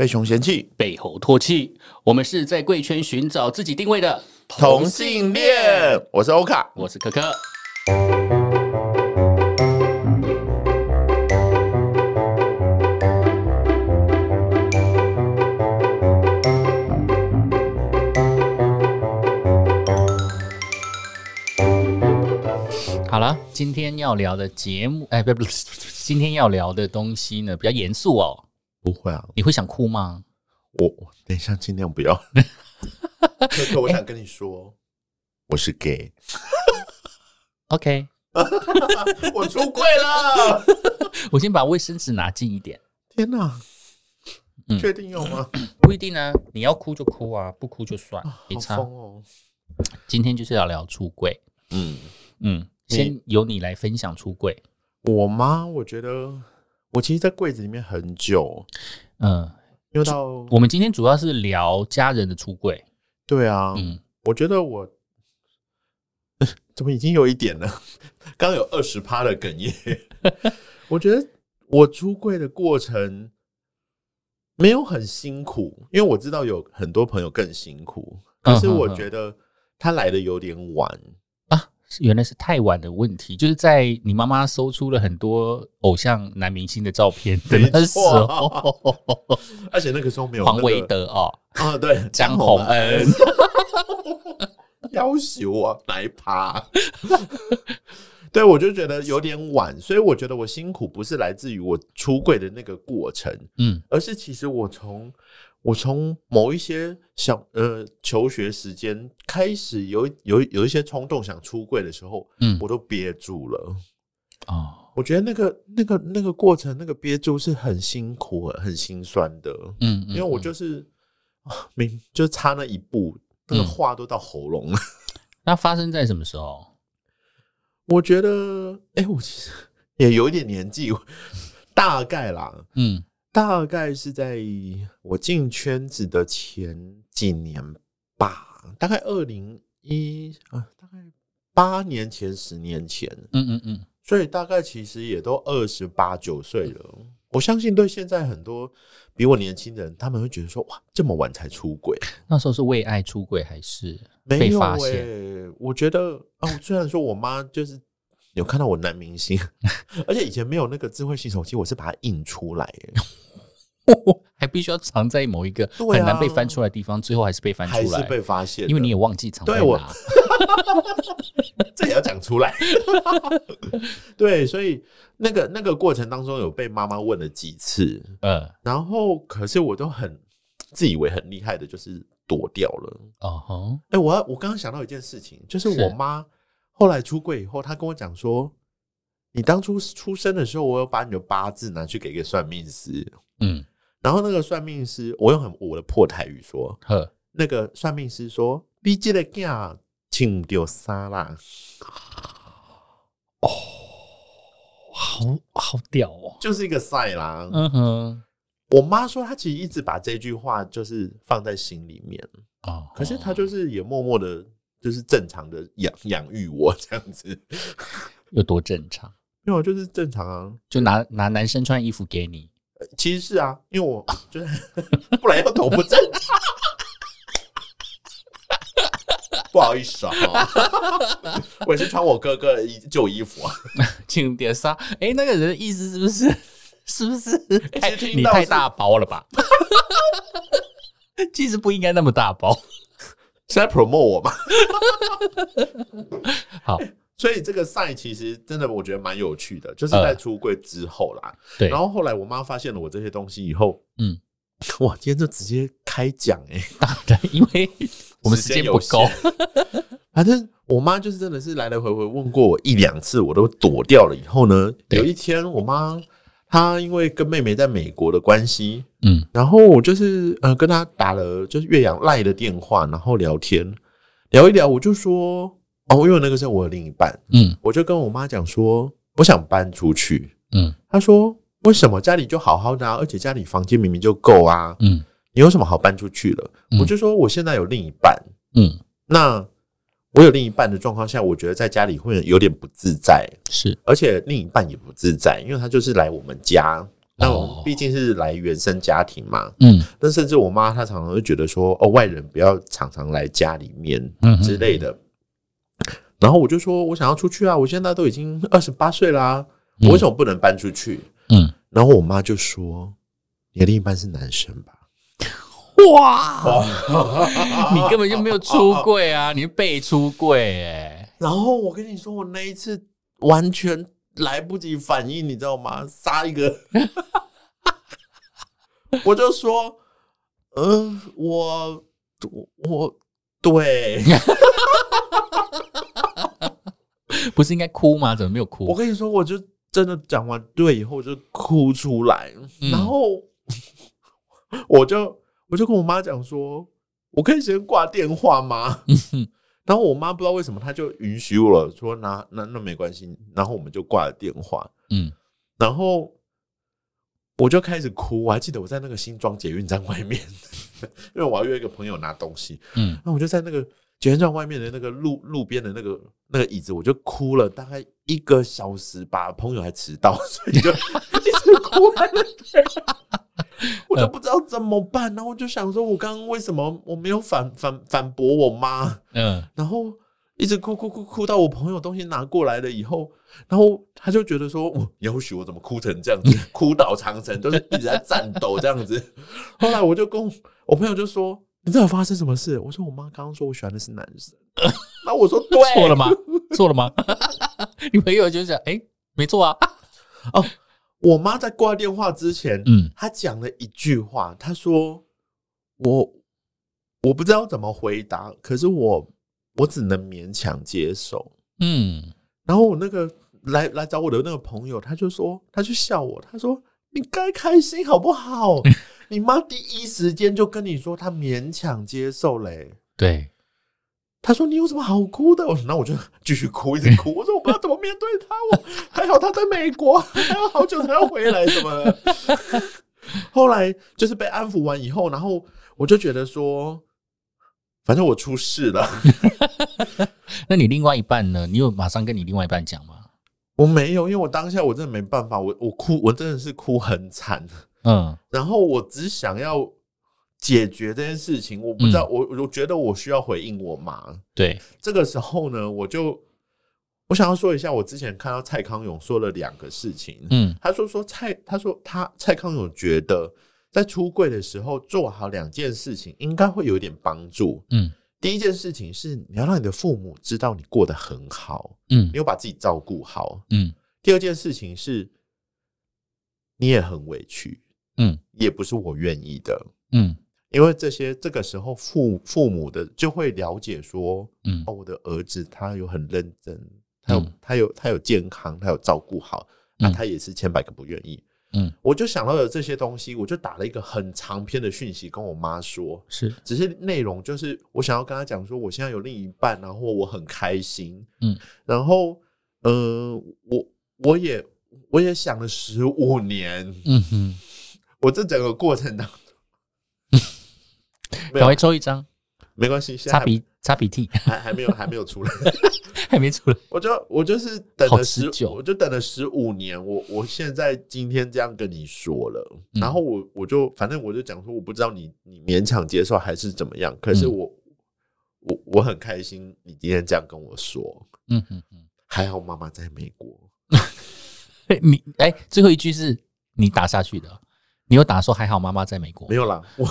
被熊嫌棄，被猴唾棄。我們是在貴圈尋找自己定位的同性戀。我是歐卡，我是柯柯。可可。好了，今天要聊的節目，哎，不不，不，不，不，今天要聊的東西呢，比較嚴肅哦。不會啊！你會想哭嗎？我等一下盡量不要。可可，我想跟你說，我是 gay。OK，我出櫃了。我先把衛生紙拿近一點。天哪！確定要嗎？不一定啊，你要哭就哭啊，不哭就算。好瘋哦！今天就是要聊出櫃。嗯嗯，先由你來分享出櫃。我嗎？我覺得。我其實，在櫃子裡面很久，嗯，又到我們今天主要是聊家人的出櫃，對啊，嗯，我覺得我怎麼已經有一點了，剛有二十趴的哽咽， 我覺得我出櫃的過程沒有很辛苦，因為我知道有很多朋友更辛苦，可是我覺得他來的有點晚。嗯嗯嗯嗯原來是太晚的問題，就是在你媽媽搜出了很多偶像男明星的照片的、啊、而且那個時候沒有、那個、黃維德哦、啊、哦、對，江宏恩，要羞紅 我來爬， 對，我就覺得有點晚，所以我覺得我辛苦不是來自於我出櫃的那個過程，嗯，而是其實我從。我從某一些小呃求學時間開始有，有有有一些衝動想出櫃的時候，嗯、我都憋住了、哦、我覺得那個那個那個過程，那個憋住是很辛苦很心酸的，嗯，嗯嗯因為我就是明，就差那一步，那個話都到喉嚨了。嗯、 那發生在什麼時候？我覺得，哎、欸，我其實也有一點年紀，大概啦，嗯。大概是在我進圈子的前幾年吧，大概二零一啊，大概八年前、十年前，嗯嗯嗯，所以大概其實也都二十八九歲了。嗯、我相信，對現在很多比我年輕的人，他們會覺得說：“哇，這麼晚才出櫃，那時候是為愛出櫃還是沒發現沒、欸？”我覺得哦，雖然說我媽就是。有看到我男明星，而且以前沒有那個智慧型手機，我是把它印出來，哦，還必須要藏在某一個很難被翻出來的地方，啊、最後還是被翻出來，還是被發現，因為你也忘記藏在哪。這也要講出來。 對，所以那個那個過程當中，有被媽媽問了幾次，嗯，然後可是我都很自以為很厲害的，就是躲掉了。哦、uh，哈，哎，我我剛剛想到一件事情，就是我媽。後來出櫃以後，他跟我講說：“你當初出生的時候，我有把你的八字拿去給一個算命師，嗯、然後那個算命師，我用很我的破台語說，呵那個算命師說，B J 的 G 啊，請丟沙啦，哦，好好屌哦，就是一個賽狼，嗯哼，我媽說她其實一直把這句話就是放在心裡面，哦、可是她就是也默默的。”就是正常的養養育我這樣子，有多正常？沒有，就是正常啊。就拿拿男生穿衣服給你，其實是啊，因為我就是、啊、 不然要頭不正常。不好意思啊，我也是穿我哥哥的舊衣服啊， 請點殺。哎，那個人的意思是不是，是不是太你太大包了吧？其實不應該那麼大包。是在 promote 我嘛， 好，所以這個 site 其實真的我覺得蠻有趣的，就是在出櫃之後啦，呃、然後後來我媽發現了我這些東西以後，嗯，哇，今天就直接開講哎、欸，大概因為我們時間不夠，反正、 啊、我媽就是真的是來來回回問過我一兩次，我都躲掉了。以後呢，對有一天我媽。他因為跟妹妹在美國的關係，嗯，然後我就是呃，跟他打了就是越洋 LINE 的電話，然後聊天聊一聊，我就說，哦，因為那個時候我有另一半，嗯，我就跟我媽講說，我想搬出去，嗯，他說為什麼家裡就好好的啊，而且家裡房間明明就夠啊，嗯，你有什麼好搬出去了？嗯，我就說我現在有另一半，嗯，那。我有另一半的狀況下，我覺得在家裡會有點不自在，是，而且另一半也不自在，因為他就是來我們家，那我們畢竟是來原生家庭嘛，哦、嗯，但甚至我媽她常常會覺得說，哦，外人不要常常來家裡面，嗯之類的，嗯、哼哼，然後我就說我想要出去啊，我現在都已經二十八歲啦，嗯、我為什麼不能搬出去？嗯，然後我媽就說，你的另一半是男生吧？哇！你根本就沒有出櫃啊，啊你被出櫃哎！然後我跟你說，我那一次完全來不及反應，你知道嗎？殺一個， 我就說，嗯、呃，我我，我對， 不是應該哭嗎？怎麼沒有哭？我跟你說，我就真的講完對以後就哭出來，嗯、然後我就。我就跟我媽講說，我可以先掛電話嗎？ 然後我媽不知道為什麼，她就允許我了，說那那那沒關係。然後我們就掛了電話，嗯，然後我就開始哭。我還記得我在那個新莊捷運站外面，因為我要約一個朋友拿東西，嗯，然那我就在那個捷運站外面的那個路路邊的那個那個椅子，我就哭了大概一個小時吧，把朋友還遲到，所以就一直哭 我就不知道怎麼辦，嗯、然後我就想說，我剛剛為什麼我沒有反反反駁我媽？嗯，然後一直哭哭哭哭到我朋友東西拿過來了以後，然後他就覺得說，也、嗯、許我怎麼哭成這樣子，哭倒長城，就是一直在戰鬥這樣子。 後來我就跟我，我朋友就說，你知道發生什麼事？我說我媽剛剛說我喜歡的是男生，那、嗯、我說對錯了嗎？錯 了嗎？ 你朋友就講，哎、欸，沒錯啊，哦。我媽在掛電話之前，嗯，她講了一句話，她說：“我我不知道怎麼回答，可是我我只能勉強接受。”嗯，然後我那個來來找我的那個朋友，她就說，她就笑我，她說：“你該開心好不好？ 你媽第一時間就跟你說，她勉強接受嘞欸。”對。他說：“你有什麼好哭的？”我說：“那我就繼續哭，一直哭。”我說：“我不知道怎麼面對他。 我還好，他在美國， 還要好，好久才要回來什麼的。”後來就是被安撫完以後，然後我就覺得說：“反正我出事了。” 那你另外一半呢？你有馬上跟你另外一半講嗎？我沒有，因為我當下我真的沒辦法，我我哭，我真的是哭很慘。嗯，然後我只想要。解決這件事情，我不知道，我、嗯、我覺得我需要回應我媽。對，這個時候呢，我就我想要說一下，我之前看到蔡康永說了兩個事情。嗯，他說說蔡，他說他蔡康永覺得在出櫃的時候做好兩件事情應該會有點幫助。嗯，第一件事情是你要讓你的父母知道你過得很好。嗯，你要把自己照顧好。嗯，第二件事情是，你也很委屈。嗯，也不是我願意的。嗯。因為這些這個時候，父父母的就會了解說嗯、哦，我的兒子他有很認真，嗯、他有他有他有健康，他有照顧好，那、嗯啊、他也是千百個不願意。嗯，我就想到了這些東西，我就打了一個很長篇的訊息跟我媽說，是，只是內容就是我想要跟他講說，我現在有另一半，然後我很開心，嗯，然後呃，我我也我也想了十五年，嗯哼，我這整個過程當中稍微抽一張，沒關係。擦鼻，擦鼻涕，還還沒有，還沒有出來， 還沒出來。我就我就是等了十，我就等了十五年。我我現在今天這樣跟你說了，然後我我就反正我就講說，我不知道你你勉強接受還是怎麼樣。可是我、嗯、我我很開心，你今天這樣跟我說。嗯哼哼，還好媽媽在美國。 你哎、欸，最後一句是你打下去的，你又打說還好媽媽在美國。沒有啦。我。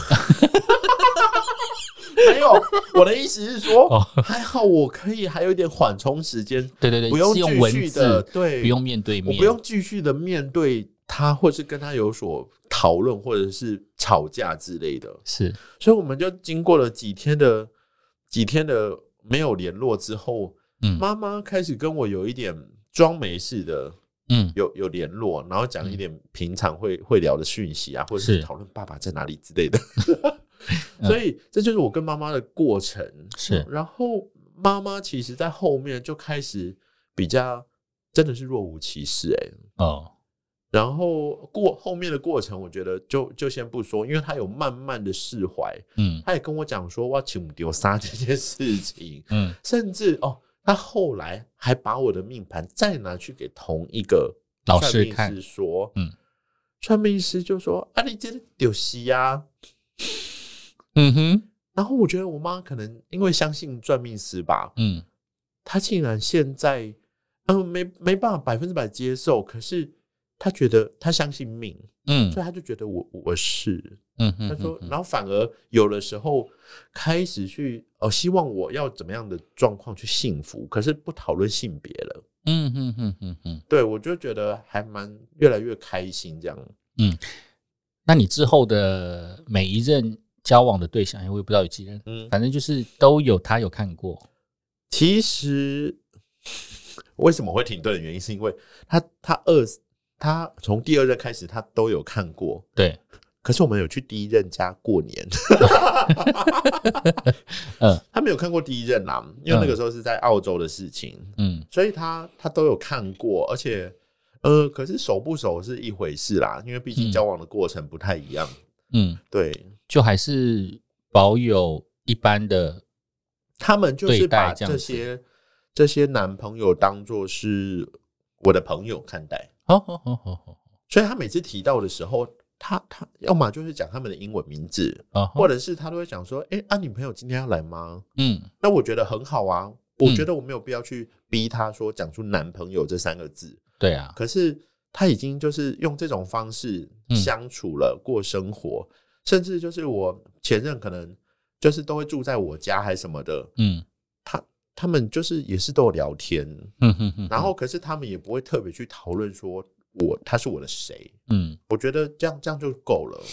沒 有，我的意思是說，還好我可以還有一點緩衝時間。 對對對，不用繼續的，對，不用面對面，我不用繼續的面對他，或是跟他有所討論，或者是吵架之類的是。所以我們就經過了幾天的幾天的沒有聯絡之後，媽媽、嗯、開始跟我有一點裝沒事的，嗯，有有聯絡，然後講一點平常會、嗯、會聊的訊息啊，或者是討論爸爸在哪裡之類的。是 所以這就是我跟媽媽的過程，是。然後媽媽其實在後面就開始比較真的是若無其事哦、欸。然後過後面的過程，我覺得就就先不說，因為她有慢慢的釋懷，嗯，她也跟我講說哇，請麼丟殺這件事情，嗯，甚至哦，她後來還把我的命盤再拿去給同一個算命師說，嗯，算命師就說啊，你真的丟西呀。嗯哼，然後我覺得我媽可能因為相信算命師吧，嗯，她竟然現在嗯、呃、沒沒辦法百分之百接受，可是她覺得她相信命，嗯，所以她就覺得我我是，嗯哼哼哼哼，她說，然後反而有的時候開始去哦、呃，希望我要怎麼樣的狀況去幸福，可是不討論性別了，嗯哼哼哼哼，對，我就覺得還蠻越來越開心這樣，嗯，那你之後的每一任。交往的對象，哎，我也不知道有幾人。嗯，反正就是都有他有看過。其實為什麼會停頓的原因，是因為他他二他從第二任開始，他都有看過。對，可是我們有去第一任家過年。 嗯，他沒有看過第一任啦，因為那個時候是在澳洲的事情。嗯，所以他他都有看過，而且呃，可是熟不熟是一回事啦，因為畢竟交往的過程不太一樣。嗯，對。就還是保有一般的，他們就是把這些這些男朋友當做是我的朋友看待。所以他每次提到的時候，他他要麼就是講他們的英文名字、uh huh. 或者是他都會講說：“哎、欸，啊，女朋友今天要來嗎？”嗯，那我覺得很好啊，我覺得我沒有必要去逼他說講出男朋友這三個字。嗯、對啊，可是他已經就是用這種方式相處了，嗯、過生活。甚至就是我前任，可能就是都會住在我家還是什麼的，嗯，他他們就是也是都有聊天，嗯哼哼，然後可是他們也不會特別去討論說我，他是我的誰，嗯，我覺得這樣這樣就夠了。嗯，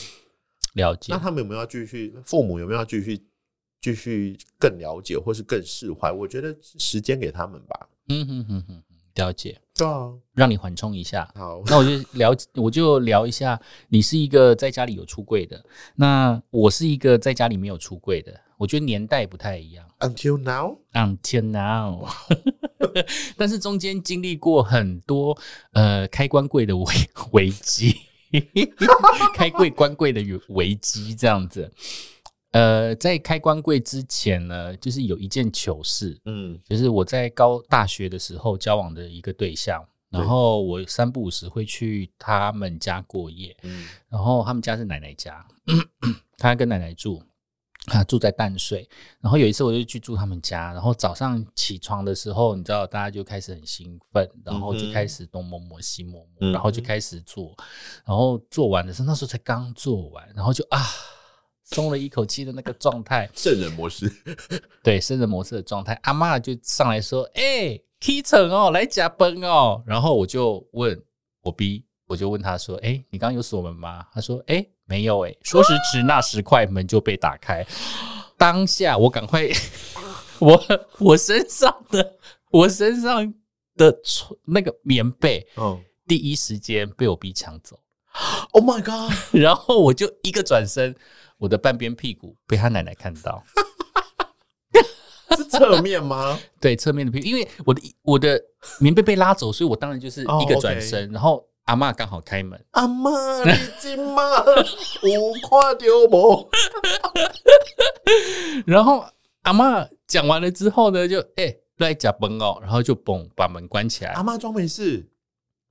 了解。那他們有沒有要繼續？父母有沒有要繼續繼續更了解或是更釋懷？我覺得時間給他們吧，嗯嗯嗯嗯，了解。Oh. 讓你緩衝一下。好，oh. 那我就聊，我就聊一下。你是一個在家裡有出櫃的，那我是一個在家裡沒有出櫃的。我覺得年代不太一樣。Until now, until now， 但是中間經歷過很多呃開關櫃的危危機， 開櫃關櫃的危危機這樣子。呃，在開關櫃之前呢，就是有一件糗事，嗯，就是我在高大學的時候交往的一個對象，然後我三不五時會去他們家過夜，嗯，然後他們家是奶奶家，他跟奶奶住，他住在淡水，然後有一次我就去住他們家，然後早上起床的時候，你知道大家就開始很興奮，然後就開始東摸摸西摸摸，然後就開始做，然後做完的時候，那時候才剛做完，然後就啊。鬆了一口氣的那個狀態，聖人模式對，對，聖人模式的狀態，阿嬤就上來說：“哎 Kitty 哦，來加班哦。”然後我就問我 B，我就問他說：“哎、欸，你剛剛有鎖門嗎？”他說：“哎、欸，沒有哎、欸。”說時遲，那時快，門就被打開。當下我趕快，我我身上的我身上的那個棉被，嗯，第一時間被我 B 搶走。Oh my god！然後我就一個轉身。我的半邊屁股被他奶奶看到。 是側面嗎？ 對，側面的屁股，因為我的我的棉被被拉走，所以我當然就是一個轉身，哦 okay、然後阿嬤剛好開門。阿嬤，你真嗎我跨丟無？ 然後阿嬤講完了之後呢，就哎不要夾崩哦，然後就嘣把門關起來。阿嬤裝沒事，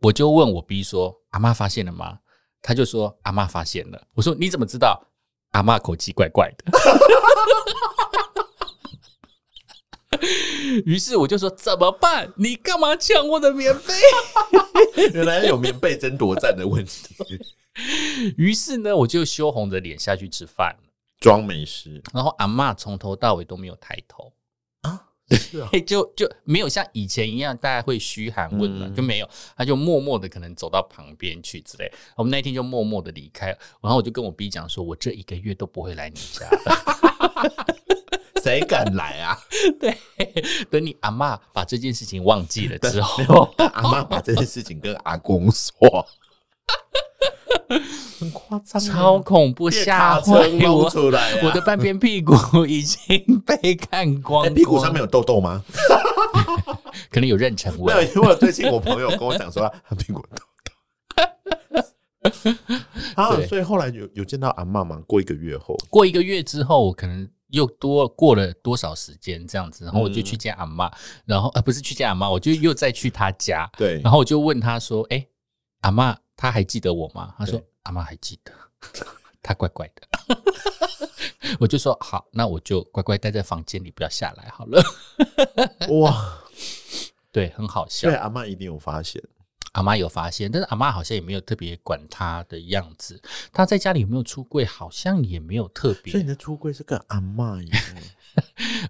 我就問我 B 說：“阿嬤發現了嗎？”他就說：“阿嬤發現了。”我說：“你怎麼知道？”阿嬤口氣怪怪的，於 是我就說：“怎麼辦？你幹嘛搶我的棉被？” 原來有棉被爭奪戰的問題。於 是呢，我就羞紅着臉下去吃飯，裝美食。然後阿嬤從頭到尾都沒有抬頭。啊、對就就沒有像以前一樣，大家會噓寒問暖，嗯、就沒有，他就默默的可能走到旁邊去之類。我們那一天就默默的離開，然後我就跟我 B 講說，我這一個月都不會來你家，誰 敢來啊？對，等你阿嬤把這件事情忘記了之後， 阿嬤把這件事情跟阿公說。 很誇張超恐怖，嚇壞我出來，我我。我的半邊屁股已經被看光、光了。欸，屁股上面有痘痘嗎？ 可能有妊娠紋。因為最近我朋友跟我講說他屁股痘痘。 啊、所以後來有有見到阿嬤嗎？過一個月後，過一個月之後，我可能又多過了多少時間這樣子？然後我就去見阿嬤，然後、嗯、而不是去見阿嬤，我就又再去他家。對，然後我就問他說：“哎、欸，阿嬤。”他還記得我嗎？他說：“對阿嬤還記得。”他怪怪的， 我就說：“好，那我就乖乖待在房間裡，不要下來好了。 ”哇，對，很好笑。對阿嬤一定有發現，阿嬤有發現，但是阿嬤好像也沒有特別管他的樣子。他在家裡有沒有出櫃，好像也沒有特別。所以你的出櫃是跟阿嬤一樣，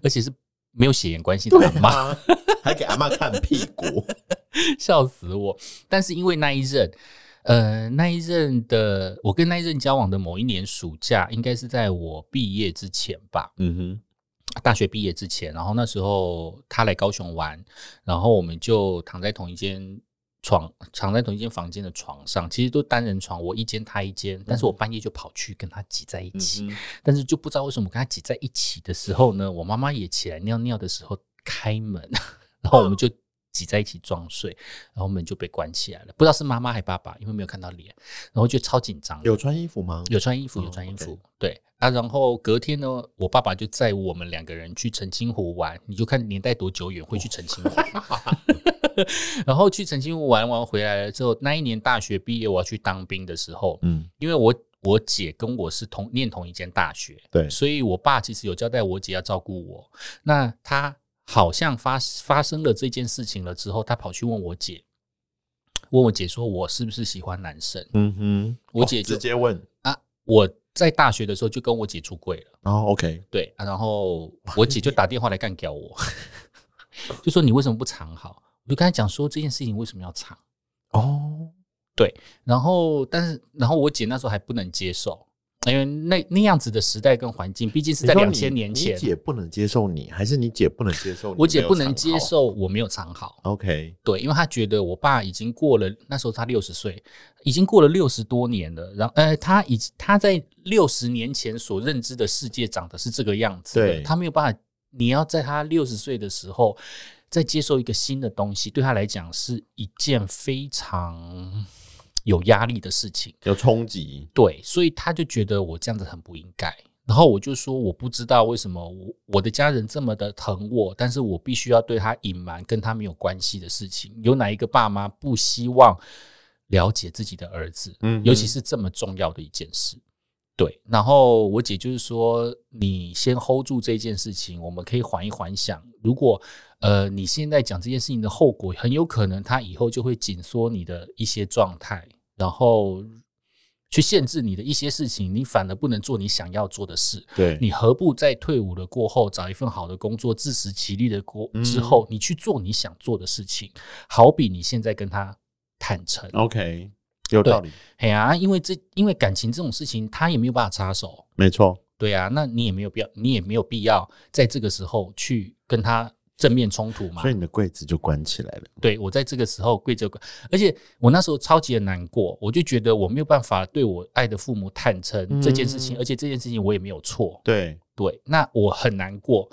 而且是沒有血緣關係的阿嬤，啦還給阿嬤看屁股，， 笑死我！但是因為那一任。呃，那一任的我跟那一任交往的某一年暑假，應該是在我畢業之前吧。嗯哼，大學畢業之前，然後那時候他來高雄玩，然後我們就躺在同一間床，躺在同一間房間的床上，其實都單人床，我一間他一間，嗯、但是我半夜就跑去跟他擠在一起，嗯、哼但是就不知道為什麼跟他擠在一起的時候呢，嗯、哼我媽媽也起來尿尿的時候開門， 然後我們就。擠在一起裝睡，然後門就被關起來了。不知道是媽媽還是爸爸，因為沒有看到臉，然後就超緊張。有穿衣服嗎？有穿衣服，哦、有穿衣服。okay. 對、啊、然後隔天呢，我爸爸就載我們兩個人去澄清湖玩。你就看年代多久遠會去澄清湖。哦、 然後去澄清湖玩完回來了之後，那一年大學畢業我要去當兵的時候，嗯，因為我我姐跟我是同念同一間大學，對，所以我爸其實有交代我姐要照顧我。那他。好像發發生了這件事情了之後，他跑去問我姐，問我姐說我是不是喜歡男生？嗯哼，我姐直接問啊，我在大學的時候就跟我姐出櫃了。然後，oh, OK，對，然後我姐就打電話來幹掉我， 就說你為什麼不藏好？我就跟他講說這件事情為什麼要藏？哦，oh. 對，然後但是然後我姐那時候還不能接受。因為那那樣子的時代跟環境，畢竟是在兩千年前你你。你姐不能接受你，還是你姐不能接受你？我姐不能接受我沒有藏好。OK，對，因為她覺得我爸已經過了，那時候他六十歲，已經過了六十多年了。然後，呃，他已他在六十年前所認知的世界長得是這個樣子。對，他沒有辦法，你要在他六十歲的時候再接受一個新的東西，對他來講是一件非常。有壓力的事情，有衝擊，對，所以他就覺得我這樣子很不應該。然後我就說，我不知道為什麼我我的家人這麼的疼我，但是我必須要對他隱瞞跟他沒有關係的事情。有哪一個爸媽不希望了解自己的兒子？嗯，尤其是這麼重要的一件事。嗯哼，對，然後我姐就是說，你先 hold 住這件事情，我們可以緩一緩想。如果呃你現在講這件事情的後果，很有可能他以後就會緊縮你的一些狀態。然後去限制你的一些事情，你反而不能做你想要做的事。對，你何不在退伍了過後找一份好的工作，自食其力的過之後，嗯、你去做你想做的事情。好比你現在跟他坦誠，OK，有道理。對嘿啊，因為這因為感情這種事情，他也沒有辦法插手。沒錯，對啊，那你也沒有必要，你也沒有必要在這個時候去跟他。正面衝突嘛，所以你的櫃子就關起來了。對，我在這個時候櫃子就關，而且我那時候超級的難過，我就覺得我沒有辦法對我愛的父母坦誠這件事情，嗯、而且這件事情我也沒有錯。對對，那我很難過。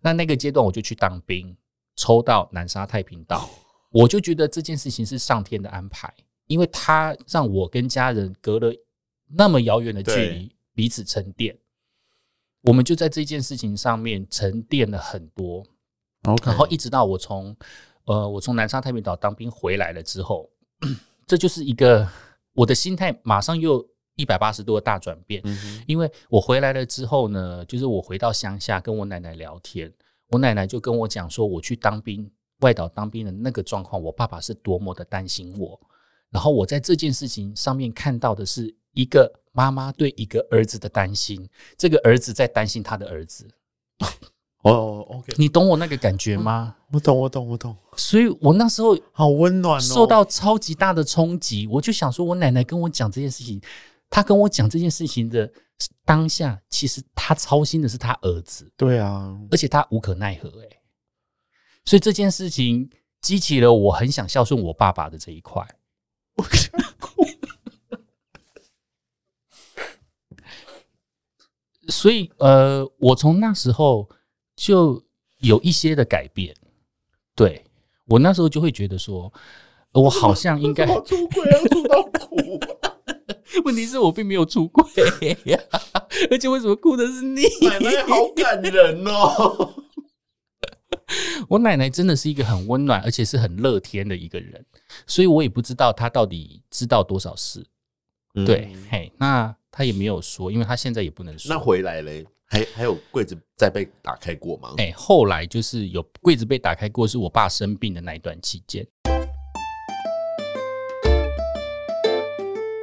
那那個階段我就去當兵，抽到南沙太平島，我就覺得這件事情是上天的安排，因為他讓我跟家人隔了那麼遙遠的距離，對彼此沉澱。我們就在這件事情上面沉澱了很多。Okay. 然後一直到我從，呃，我從南沙太平島當兵回來了之後，這就是一個我的心態馬上又一百八十度的大轉變。因為我回來了之後呢，就是我回到鄉下跟我奶奶聊天，我奶奶就跟我講說，我去當兵外島當兵的那個狀況，我爸爸是多麼的擔心我。然後我在這件事情上面看到的是一個媽媽對一個兒子的擔心，這個兒子在擔心他的兒子。哦、哦，OK，你懂我那個感覺嗎？我，我懂，我懂，我懂。所以，我那時候好溫暖，受到超級大的衝擊。哦，我就想說，我奶奶跟我講這件事情，她跟我講這件事情的當下，其實她操心的是她兒子。對啊，而且她無可奈何哎。所以這件事情激起了我很想孝順我爸爸的這一塊。我 所以，呃，我從那時候，就有一些的改變，對，我那時候就會覺得說，我好像應該出櫃，要哭。 問題是我並沒有出櫃，而且為什麼哭的是你？奶奶好感人哦！我奶奶真的是一個很溫暖，而且是很樂天的一個人，所以我也不知道她到底知道多少事。嗯、對，嘿，那她也沒有說，因為她現在也不能說。那回來嘞？還，還有櫃子在被打開過嗎？哎、欸，後來就是有櫃子被打開過，是我爸生病的那一段期間。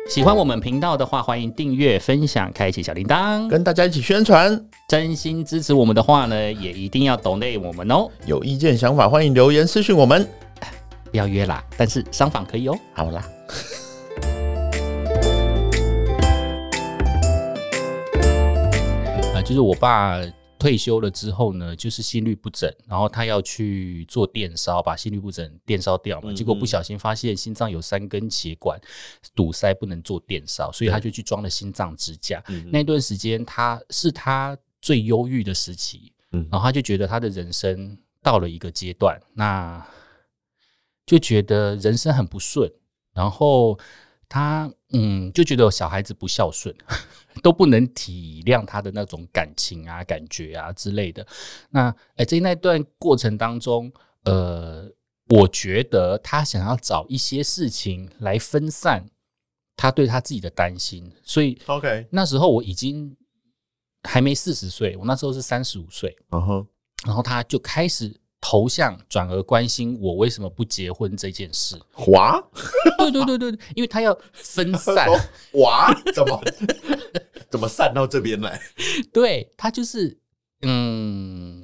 喜歡我們頻道的話，歡迎訂閱、分享、開啟小鈴鐺，跟大家一起宣傳。真心支持我們的話呢，也一定要抖內我們哦、喔。有意見、想法，歡迎留言私訊我們。不要約啦，但是商訪可以哦、喔。好啦。 就是我爸退休了之後呢，就是心律不整，然後他要去做電燒，把心律不整電燒掉嘛。結果不小心發現心臟有三根血管堵塞，不能做電燒，所以他就去裝了心臟支架。對 那段時間他是他最憂鬱的時期，然後他就覺得他的人生到了一個階段，那就覺得人生很不順，然後他嗯就覺得小孩子不孝順。都不能體諒他的那種感情啊、感覺啊之類的。那哎、欸，在那段過程當中，呃，我覺得他想要找一些事情來分散他對他自己的擔心，所以 OK。那時候我已經還沒四十歲，我那時候是三十五歲，uh huh. 然後他就開始投向轉而關心我為什麼不結婚這件事。娃哇， 對對對對對，因為他要分散哇 怎麼？ 怎麼散到這邊來？ 對，他就是，嗯，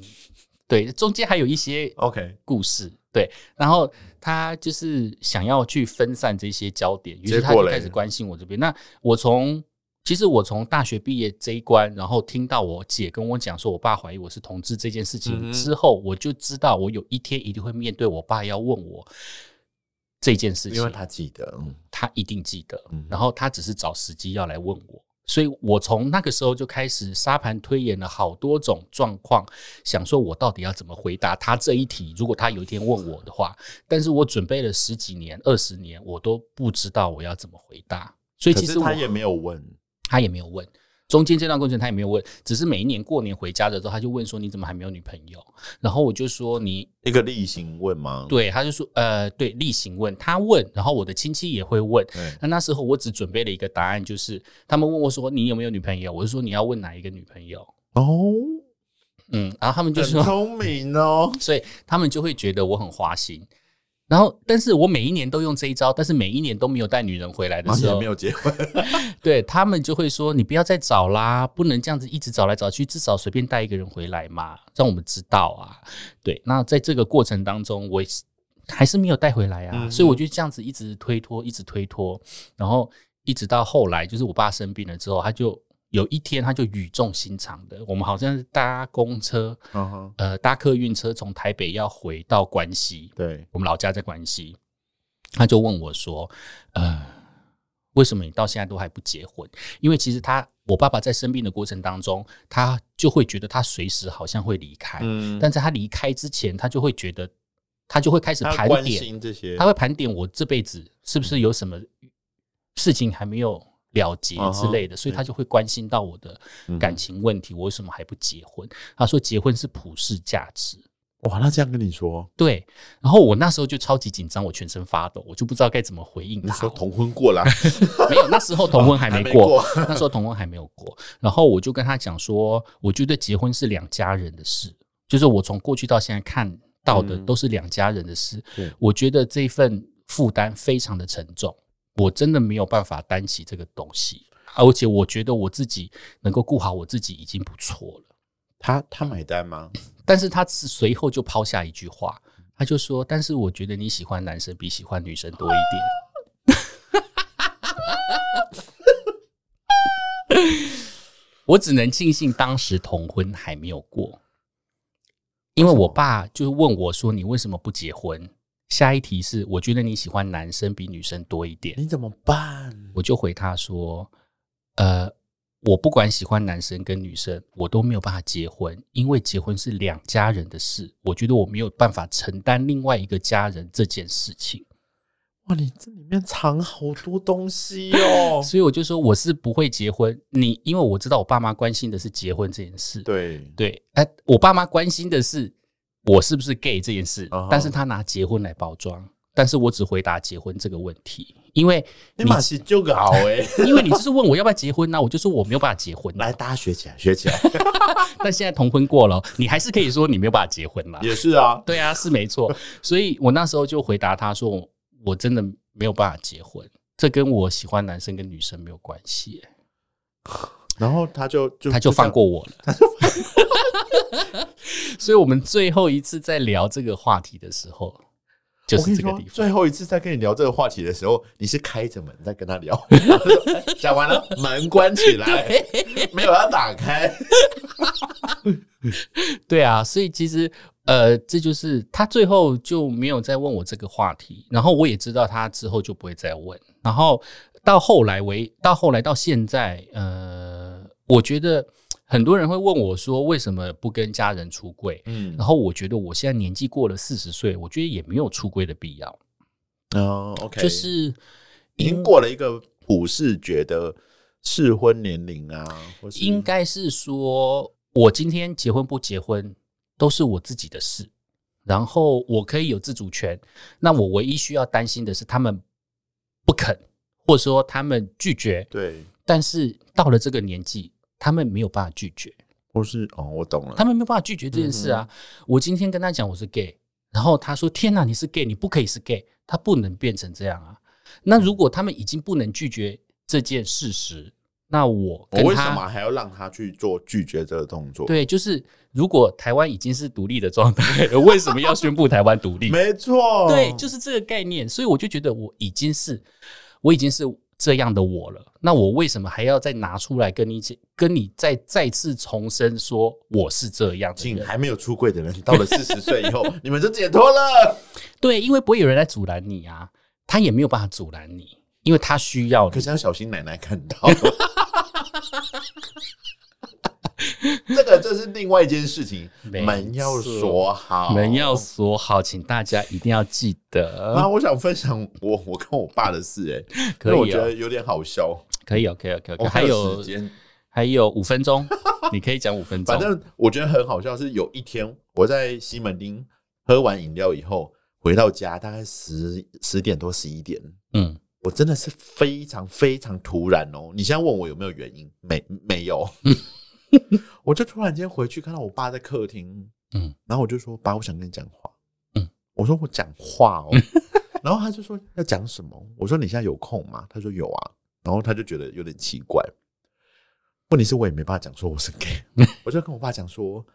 對，中間還有一些 OK 故事，Okay. 對。然後他就是想要去分散這些焦點，於是他就開始關心我這邊。結果那我從其實我從大學畢業這一關，然後聽到我姐跟我講說，我爸懷疑我是同志這件事情、嗯、哼之後，我就知道我有一天一定會面對我爸要問我這件事情，因為他記得、嗯，他一定記得。嗯、哼然後他只是找時機要來問我。所以我從那個時候就開始沙盤推演了好多種狀況，想說我到底要怎麼回答他這一題？如果他有一天問我的話，但是我準備了十幾年、二十年，我都不知道我要怎麼回答。所以其實他也沒有問，他也沒有問。中間這段過程他也沒有問，只是每一年過年回家的時候，他就問說：“你怎麼還沒有女朋友？”然後我就說你：“你一個例行問嗎？”對，他就說：“呃，對，例行問他問。”然後我的親戚也會問。那、欸、那時候我只準備了一個答案，就是他們問我說：“你有沒有女朋友？”我就說：“你要問哪一個女朋友？”哦，嗯，然後他們就說：“聰明哦。”所以他們就會覺得我很花心。然後，但是我每一年都用這一招，但是每一年都沒有帶女人回來的時候。啊、也沒有結婚， 對，他們就會說：“你不要再找啦，不能這樣子一直找來找去，至少隨便帶一個人回來嘛，讓我們知道啊。”對，那在這個過程當中，我也是還是沒有帶回來啊，嗯嗯，所以我就這樣子一直推脫，一直推脫，然後一直到後來，就是我爸生病了之後，他就。有一天，他就語重心長的，我們好像是搭公車，uh huh. 呃，搭客運車從台北要回到關西，對，我們老家在關西，他就問我說，呃，為什麼你到現在都還不結婚？因為其實他，我爸爸在生病的過程當中，他就會覺得他隨時好像會離開，嗯，但在他離開之前，他就會覺得，他就會開始盤點，他會盤點我這輩子是不是有什麼事情還沒有。了結之類的，哦哦，所以他就會關心到我的感情問題。嗯、我為什麼還不結婚？他說結婚是普世價值。哇，那這樣跟你說，對。然後我那時候就超級緊張，我全身發抖，我就不知道該怎麼回應他。說同婚過了、啊、 沒有？那時候同婚還沒過，哦、沒過 那時候同婚還沒有過。然後我就跟他講說，我覺得結婚是兩家人的事，就是我從過去到現在看到的都是兩家人的事。嗯、我覺得這份負擔非常的沉重。我真的沒有辦法擔起這個東西，而且我覺得我自己能夠顧好我自己已經不錯了。他他買單嗎？但是他隨後就拋下一句話，他就說：“但是我覺得你喜歡男生比喜歡女生多一點。”我只能慶幸當時同婚還沒有過，因為我爸就問我說：“你為什麼不結婚？”下一題是，我覺得你喜歡男生比女生多一點，你怎麼辦？我就回他說，呃，我不管喜歡男生跟女生，我都沒有辦法結婚，因為結婚是兩家人的事，我覺得我沒有辦法承擔另外一個家人這件事情。哇，你這裡面藏好多東西哦！ 所以我就說我是不會結婚，你因為我知道我爸媽關心的是結婚這件事，對對，哎，我爸媽關心的是。我是不是 gay 這件事？Uh huh. 但是他拿結婚來包裝，但是我只回答結婚這個問題，因為你，你是就個好哎， 因為你就是問我要不要結婚呢、啊，我就說我沒有辦法結婚、啊。來，大家學起來，學起來。 但現在同婚過了，你還是可以說你沒有辦法結婚了、啊。也是啊，對啊，是沒錯。所以我那時候就回答他說，我真的沒有辦法結婚，這跟我喜歡男生跟女生沒有關係。 然後他就就他就放過我了。 所以我們最後一次在聊這個話題的時候，就是這個地方。最後一次在跟你聊這個話題的時候，你是開着門在跟他聊，講 完了 門關起來，沒有要打開。 對啊，所以其實呃，這就是他最後就沒有再問我這個話題，然後我也知道他之後就不會再問。然後到後來為到後來到現在，呃，我覺得。很多人會問我說：“為什麼不跟家人出櫃？”嗯，然後我覺得我現在年紀過了四十歲，我覺得也沒有出櫃的必要。嗯，就是已經過了一個普世覺得適婚年齡啊，應該是說，我今天結婚不結婚都是我自己的事，然後我可以有自主權。那我唯一需要擔心的是他們不肯，或者說他們拒絕。對，但是到了這個年紀。他們沒有辦法拒絕，或是哦，我懂了，他們沒有辦法拒絕這件事啊。嗯哼，我今天跟他講我是 gay，然後他說：“天哪，你是 gay，你不可以是 gay，他不能變成這樣啊。”那如果他們已經不能拒絕這件事實，嗯，那我我為什麼還要讓他去做拒絕這個動作？對，就是如果台灣已經是獨立的狀態，為什麼要宣布台灣獨立？ 沒錯，對，就是這個概念。所以我就覺得我已經是，我已經是。這樣的我了，那我為什麼還要再拿出來跟你解，跟你再再次重申說我是這樣？請還沒有出櫃的人，到了四十歲以後， 你們就解脫了。對，因為不會有人來阻攔你啊，他也沒有辦法阻攔你，因為他需要你。可是要小心奶奶看到。 這個這是另外一件事情，沒錯，門要鎖好，門要鎖好，請大家一定要記得。然後，我想分享我我跟我爸的事，欸，哎、 喔，因為我覺得有點好笑。可以，OK，OK，OK、喔喔喔喔、還、還有時間，嗯，還有五分鐘， 你可以講五分鐘。反正我覺得很好笑，是有一天我在西門町喝完飲料以後回到家，大概十十點多十一點，嗯，我真的是非常非常突然哦、喔。你現在問我有沒有原因，沒沒有。嗯 我就突然間回去看到我爸在客廳，嗯、然後我就說：“爸，我想跟你講話。”嗯、我說：“我講話哦。” 然後他就說：“要講什麼？”我說：“你現在有空嗎？”他說：“有啊。”然後他就覺得有點奇怪。問題是我也沒辦法講說我是 gay， 我就跟我爸講說：“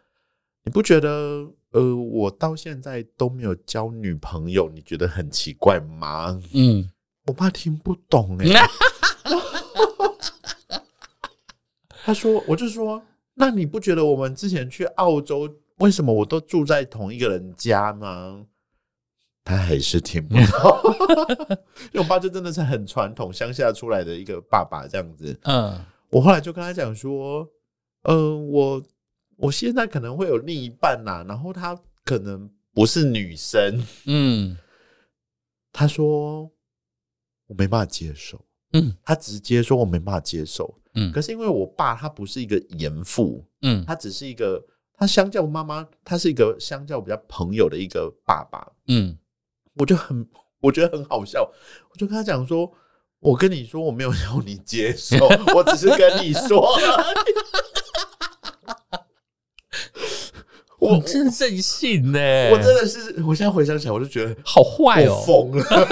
你不覺得呃，我到現在都沒有交女朋友，你覺得很奇怪嗎？”嗯、我爸聽不懂、欸、 他說：“我就說。”那你不覺得我們之前去澳洲，為什麼我都住在同一個人家嗎？他還是聽不到，因為我爸就真的是很傳統，鄉下出來的一個爸爸這樣子。嗯，我後來就跟他講說，嗯、呃，我我現在可能會有另一半啦、啊，然後他可能不是女生。嗯，他說我沒辦法接受。嗯，他直接說我沒辦法接受。嗯，可是因為我爸他不是一個嚴父，嗯，他只是一個，他相較媽媽，他是一個相較比較朋友的一個爸爸，嗯，我就很，我覺得很好笑，我就跟他講說，我跟你說我沒有要你接受， 我只是跟你說啊。我、哦、真任性呢，欸，我真的是，我現在回想起來，我就覺得好壞哦，瘋瘋了。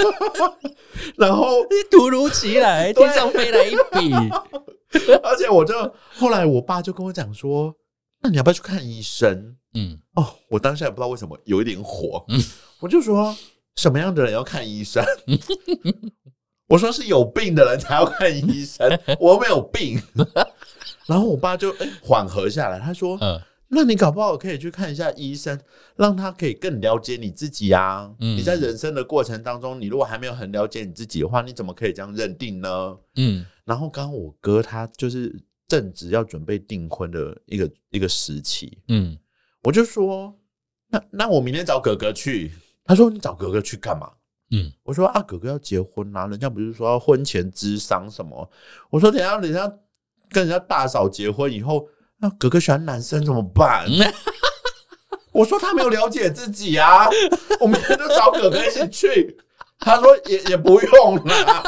然後突如其來對天上飛來一筆， 而且我就後來，我爸就跟我講說：“那你要不要去看醫生？”嗯，哦，我當下也不知道為什麼有一點火，嗯、我就說什麼樣的人要看醫生？嗯、我說是有病的人才要看醫生， 我又沒有病。 然後我爸就緩、欸、和下來，他說：“嗯。”那你搞不好可以去看一下醫生，讓他可以更了解你自己啊。嗯，你在人生的過程當中，你如果還沒有很了解你自己的話，你怎麼可以這樣認定呢？嗯，然後剛剛我哥他就是正值要準備訂婚的一個一個時期，嗯，我就說，那那我明天找哥哥去。他說你找哥哥去幹嘛？嗯，我說啊，哥哥要結婚啊，人家不是說要婚前諮商什麼？我說等一下等一下跟人家大嫂結婚以後。那哥哥喜歡男生怎麼辦呢？我說他沒有了解自己啊！我明天就找哥哥一起去。他說也也不用了。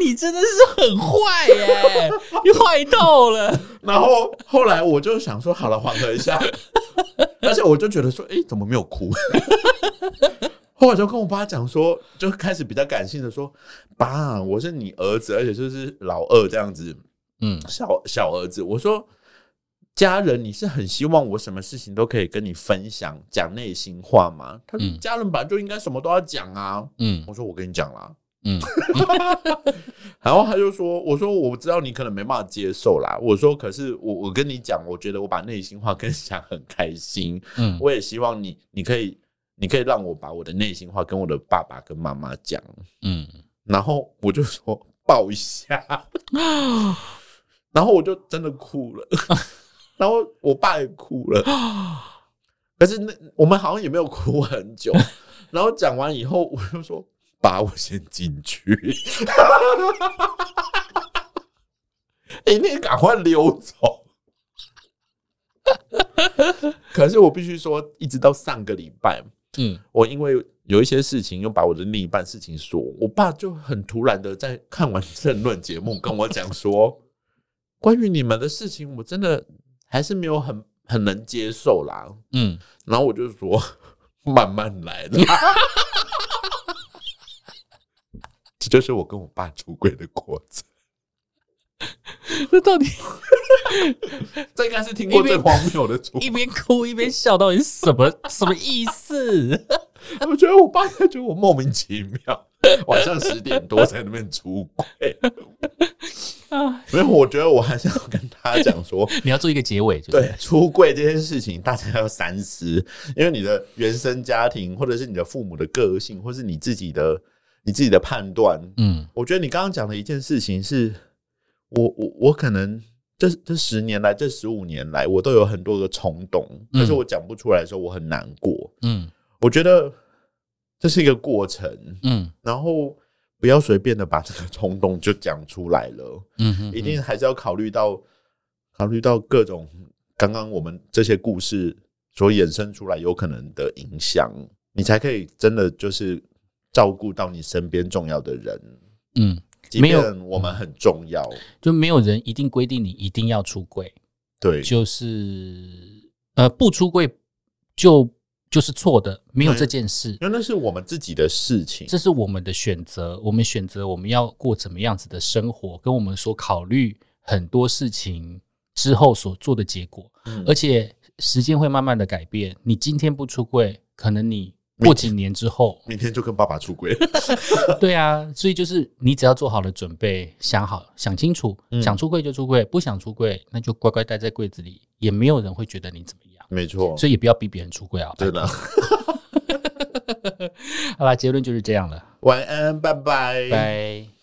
你真的是很壞耶、欸！你壞透了。然後後來我就想說，好了，緩和一下。而且我就覺得說，哎、欸，怎麼沒有哭？後來就跟我爸講說，就開始比較感性的說：“爸，我是你兒子，而且就是老二這樣子。”嗯，小小兒子，我說家人，你是很希望我什麼事情都可以跟你分享，講內心話嗎？他說、嗯、家人本來就應該什麼都要講啊，嗯嗯。嗯，我說我跟你講啦。嗯，然後他就說，我說我知道你可能沒辦法接受啦。我說可是我我跟你講，我覺得我把內心話跟你講很開心。嗯，我也希望你你可以你可以讓我把我的內心話跟我的爸爸跟媽媽講。嗯，然後我就說抱一下。 然後我就真的哭了，然後我爸也哭了，可是那我們好像也沒有哭很久。然後講完以後，我就說：“爸，我先進去。”欸，你趕快溜走！可是我必須說，一直到上個禮拜，嗯，我因為有一些事情，又把我的另一半事情說，我爸就很突然的在看完政論節目，跟我講說。關於你們的事情，我真的還是沒有很很能接受啦。嗯，然後我就說慢慢來的。 這就是我跟我爸出櫃的過程。」那 到底這應該是聽過最荒謬的出櫃一邊，一邊哭一邊笑，到底什麼什麼意思？他 們 覺得我爸覺得我莫名其妙，晚上十點多在那邊出櫃。 啊！ 沒有，我覺得我還是要跟他講說， 你要做一個結尾。對， 出櫃這件事情大家要三思，因為你的原生家庭，或者是你的父母的個性，或是你自己的你自己的判斷。嗯，我覺得你剛剛講的一件事情是，我我我可能這這十年來，這十五年來，我都有很多個衝動，嗯、可是我講不出來的時候，我很難過。嗯，我覺得這是一個過程。嗯，然後。不要隨便的把這個衝動就講出來了，嗯哼，嗯哼，一定還是要考慮到，考慮到各種剛剛我們這些故事所衍生出來有可能的影響，嗯、你才可以真的就是照顧到你身邊重要的人，嗯，沒有我們很重要、嗯，就沒有人一定規定你一定要出櫃，對，就是呃不出櫃就。就是錯的，沒有這件事，嗯、因為那是我們自己的事情，這是我們的選擇，我們選擇我們要過怎麼樣子的生活，跟我們所考慮很多事情之後所做的結果。嗯、而且時間會慢慢的改變，你今天不出櫃，可能你過幾年之後，明天，明天就跟爸爸出櫃。 對啊，所以就是你只要做好了準備，想好、想清楚，嗯、想出櫃就出櫃，不想出櫃，那就乖乖待在櫃子裡，也沒有人會覺得你怎麼樣。沒錯，所以也不要逼別人出櫃啊！真的，好吧，結論就是這樣了。晚安，拜拜拜。